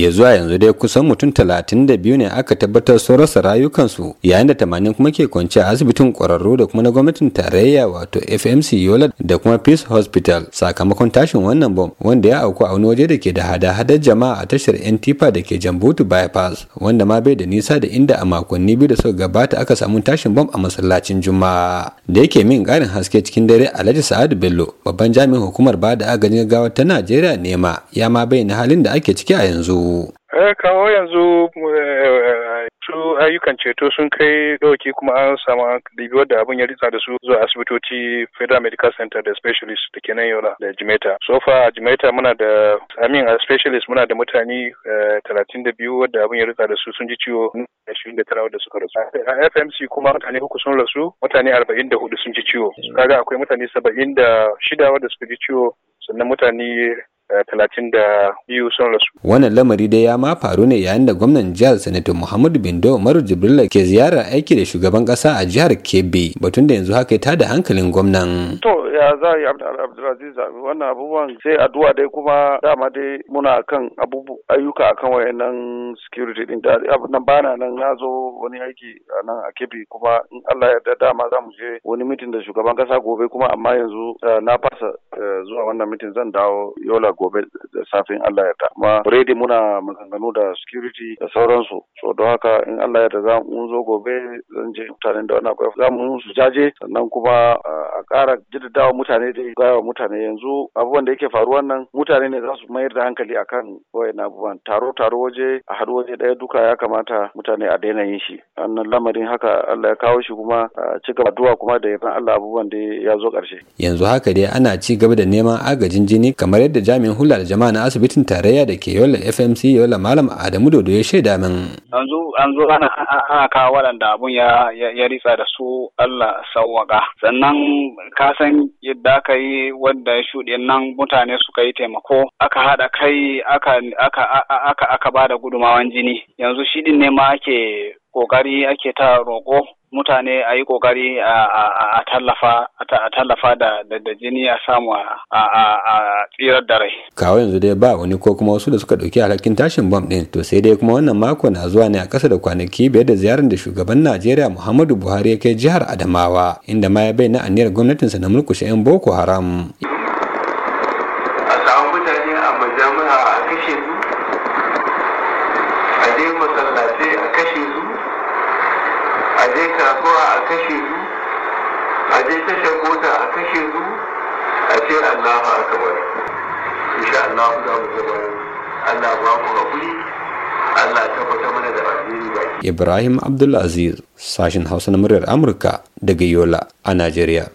ya zuwa yanzu dai kusan mutum talatin da biyu ne aka tabbatar sun rasa rayukansu yayin da tamanin kuma ke kwance a asibitin kwararru da kuma na gwamnatin tarayya wato fmc yola da kuma peace hospital sakamakon tashin wannan bom wanda ya auku a wani waje da ke da hada-hadar jama'a a tashar ntipa da ke jambutu bypass wanda ma bai da nisa da inda a makonni biyu da suka gabata aka samu tashin bom a masallacin juma'a da yake min karin haske cikin dare alhaji sa'adu bello babban jami'in hukumar bada agajin gawa ta najeriya nema ya ma bayyana halin da ake ciki a yanzu Eh kawo yanzu eh, su ayyukan ceto sun kai dauki kuma an samu ɗibi da abin ya ritsa da su zuwa asibitoci federal medical center da specialist da kenan yola da jimeta so far a jimeta muna da amin a specialist muna da mutane eh, talatin da biyu wadda abin ya ritsa da su sun ji ciwo ashirin da tara wadda suka rasu a fmc kuma mutane uku sun rasu mutane arba'in da hudu sun ji ciwo kaga akwai mutane saba'in da shida wadda suka ji ciwo sannan mutane talatin da biyu sun rasu. Wannan lamari dai ya ma faru ne yayin da gwamnan jihar Sanatu Muhammadu Bindo Umaru Jibrila ke ziyarar aiki da shugaban kasa a jihar Kebbi batun da yanzu haka ta da hankalin gwamnan. To ya za a yi Abdulaziz wannan abubuwan sai addu'a dai kuma dama dai muna kan abubu ayyuka akan wayannan security din da nan bana nan na zo wani aiki a nan a Kebbi kuma in Allah ya yarda dama za mu je wani mitin da shugaban kasa gobe kuma amma yanzu eh, na fasa eh, zuwa wannan mitin zan dawo Yola gobe da safin Allah ya ta'ama already muna maganganu da security da sauransu so don haka in Allah ya ta za mu zo gobe zan je mutanen da wannan za mu su jaje sannan kuma a ƙara jaddadawa mutane da wa mutane yanzu abubuwan da yake faruwa nan mutane ne za su mayar da hankali akan wayan abubuwan taro taro waje a haɗu waje ɗaya duka ya kamata mutane a daina yin shi wannan lamarin haka Allah ya kawo shi kuma ci gaba duwa kuma da yardan Allah abubuwan da ya zo ƙarshe yanzu haka dai ana ci gaba da neman agajin jini kamar yadda jami'in jami'in hula da jama'a na asibitin tarayya da ke yola fmc yola malam adamu dodo ya shaida min yanzu an zo ana kawo waɗanda abun ya ritsa da su allah sawaka sannan ka san yadda aka yi wanda ya shuɗe nan mutane suka yi taimako aka haɗa kai aka aka aka ba da gudumawan jini yanzu shi ne ma ake kokari ake ta roƙo mutane a yi kokari a tallafa da jini a samu a tsirar da rai. Kawo yanzu dai ba wani ko kuma wasu da suka ɗauki alhakin tashin bom ɗin to sai dai kuma wannan mako na zuwa ne a ƙasa da kwanaki biyar da ziyarar da shugaban Najeriya Muhammadu Buhari ya kai jihar Adamawa inda ma ya bayyana aniyar gwamnatinsa na mulkushe 'yan Boko Haram. je kasuwa a kashe su a je kashe mota a kashe su a ce allahu akbar insha allahu za mu zama allah ba ku haƙuri allah tabbata mana da alheri baki ibrahim abdulaziz sashin hausa na muryar amurka daga yola a najeriya